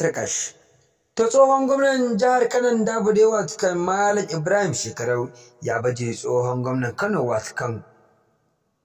Kirkash. Ta tsohon gwamnan jihar Kano Dabude watukan Malam Ibrahim Shekarau ya baje tsohon gwamnan Kano watukan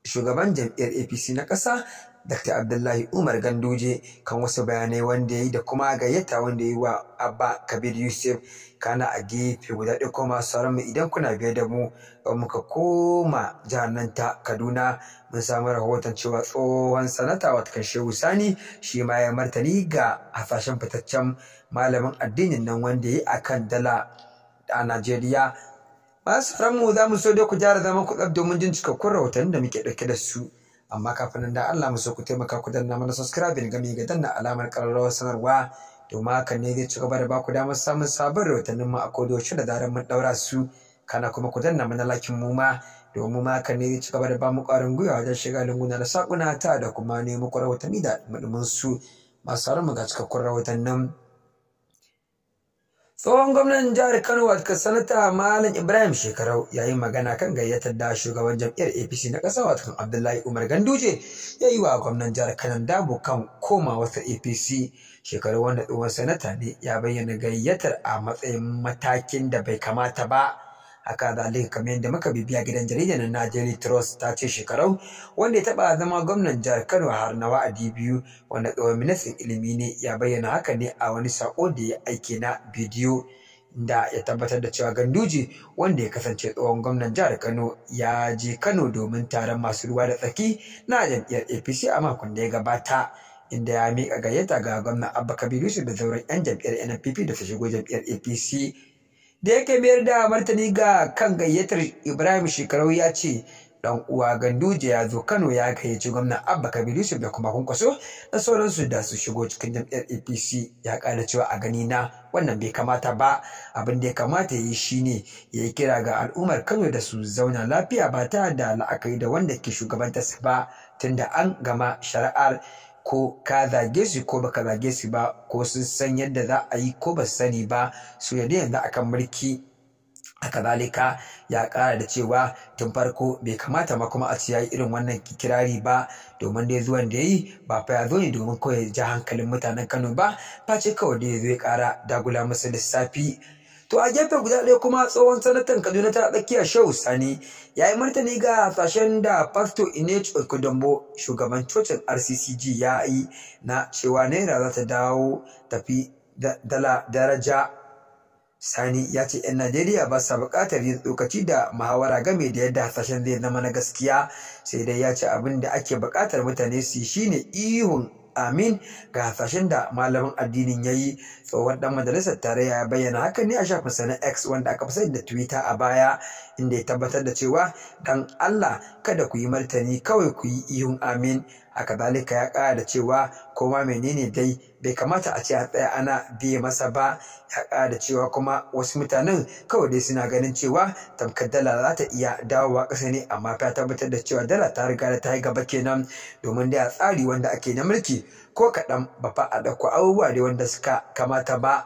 shugaban jam'iyyar APC na ƙasa Dr. Abdullahi Umar Ganduje kan wasu bayanai wanda ya yi da kuma gayyata wanda ya yi wa Abba Kabir Yusuf kana a gefe guda ɗaya kuma sauran mu idan kuna biye da mu muka koma jihar nan ta Kaduna mun samu rahoton cewa tsohon sanata watakan Shehu Sani shi ma ya martani ga hasashen fitaccen malamin addinin nan wanda ya yi akan dala a Najeriya masu sauran mu za mu so da ku gyara zaman ku tsaf domin jin cikakkun rahoton da muke ɗauke da su. amma kafin nan da Allah mu so ku taimaka ku danna mana subscribing game ga danna alamar ƙararrawar sanarwa domin hakan ne zai ci gaba da ba ku damar samun sabon rahotannin mu a kodayaushe da zarar mun daura su kana kuma ku danna mana lakin mu ma domin ma hakan ne zai ci gaba da ba mu ƙwarin gwiwa wajen shiga lunguna na saƙuna ta da kuma nemo ku rahotanni da mu su masu mu ga cikakkun rahotannin. tsohon gwamnan jihar kano wato sanata malam ibrahim shekarau ya yi magana kan gayyatar da shugaban jam'iyyar apc na ƙasa wato abdullahi umar ganduje ya yi wa gwamnan jihar kano dabo kan koma wata apc Shekarau, wanda tsohon sanata ne ya bayyana gayyatar a matsayin matakin da bai kamata ba haka zalika kamar yadda muka bibiya gidan jaridar na Najeriya Trust ta ce shekarau wanda ya taba zama gwamnan jihar Kano har na wa'adi biyu wanda tsohon ministan ilimi ne ya bayyana haka ne a wani sako da ya aike na bidiyo da ya tabbatar da cewa Ganduje wanda ya kasance tsohon gwamnan jihar Kano ya je Kano domin taron masu ruwa da tsaki na jam'iyyar APC a makon da ya gabata inda ya miƙa gayyata ga gwamnan Abba Kabiru da sauran 'yan jam'iyyar NPP da su shigo jam'iyyar APC da yake mayar da martani ga kan gayyatar ibrahim shekarau ya ce dan uwa ganduje ya zo kano ya gayyaci gwamnan abba kabiru yusuf da kuma kunkwaso da sauransu da su shigo cikin jam'iyyar apc ya kara cewa a gani na wannan bai kamata ba abin da ya kamata ya yi shine ya yi kira ga al'ummar kano da su zauna lafiya ba ta da la'akari da wanda ke shugabantarsa ba tunda an gama shari'ar ko ka zage su ko baka zage su ba ko sun san yadda za a yi ko ba su sani ba su yadda yanzu akan mulki a zalika ya kara da cewa tun farko bai kamata ma kuma a ci yayi irin wannan kirari ba domin dai zuwan da yayi ba fa ya zo ne domin kawai ya ja hankalin mutanen Kano ba face kawai da ya zo ya ƙara dagula musu lissafi to a gefen guda ɗaya kuma tsohon sanatan kaduna ta tsakiya shehu sani ya yi martani ga hasashen da pastor inechi okudombo shugaban cocin rccg ya yi na cewa naira za ta dawo tafi dala daraja sani ya ce 'yan najeriya ba sa buƙatar yin tsokaci da muhawara game da yadda hasashen zai zama na gaskiya sai dai ya ce abin da ake buƙatar mutane su shine ihun amin ga hasashen da malamin addinin ya yi tsohon dan majalisar tarayya ya bayyana haka ne a shafinsa na x wanda aka fi da twitter a baya inda ya tabbatar da cewa dan allah kada ku yi martani kawai ku yi ihun amin haka zalika ya ƙara da cewa koma menene dai bai kamata a ce a tsaya ana biye masa ba ya ƙara da cewa kuma wasu mutanen kawai dai suna ganin cewa tamkar dala za ta iya dawowa ƙasa ne amma ta tabbatar da cewa dala ta riga da ta yi gaba kenan domin dai a tsari wanda ake na mulki ko kaɗan ba fa a ɗauko abubuwa dai wanda suka kamata ba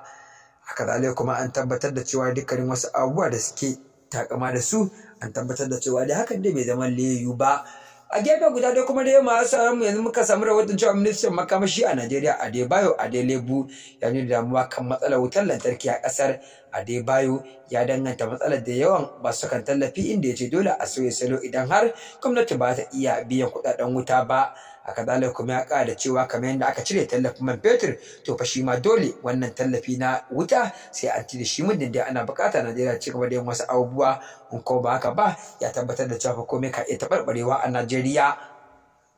haka zalika kuma an tabbatar da cewa dukkanin wasu abubuwa da suke takama da su an tabbatar da cewa dai hakan dai bai zama leyu ba a gefe guda dai kuma dai masu mu yanzu muka samu rahoton cewa ministan makamashi a najeriya adebayo adelebu ya nuna damuwa kan matsalar wutar lantarki a kasar adebayo ya danganta matsalar da yawan su kan tallafi inda ya ce dole a sauya salo idan har gwamnati ba ta iya biyan kuɗaɗen wuta ba haka zalika kuma ya ƙara da cewa kamar yadda aka cire tallafin man fetur to fa shi ma dole wannan tallafi na wuta sai an cire shi muddin dai ana bukata Najeriya ci gaba da yin wasu abubuwa in ko ba haka ba ya tabbatar da cewa komai ka iya taɓarɓarewa a Najeriya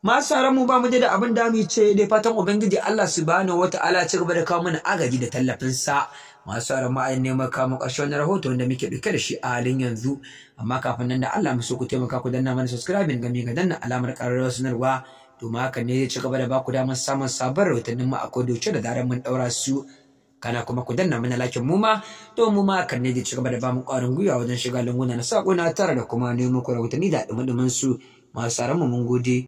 masu sauran mu ba mu da abin da mu ce dai fatan ubangiji Allah subhanahu wataala ci gaba da kawo mana agaji da tallafin sa masu ran ma'ayin neman kama ƙarshen wani rahoto wanda muke ɗauke da shi a halin yanzu amma kafin nan da Allah mu so ku taimaka ku danna mana subscribing mi ga danna alamar ƙararrawar sanarwa domin haka ne zai ci gaba da ba ku damar samun sabon rahotannin mu a kodayaushe da zarar mun daura su kana kuma ku danna mana lakin mu ma to mu ma kan ne zai ci gaba da ba mu ƙwarin gwiwa wajen shiga lunguna na saƙo na tara da kuma nemo ku rahotanni da ɗumi su masu tsaron mu mun gode.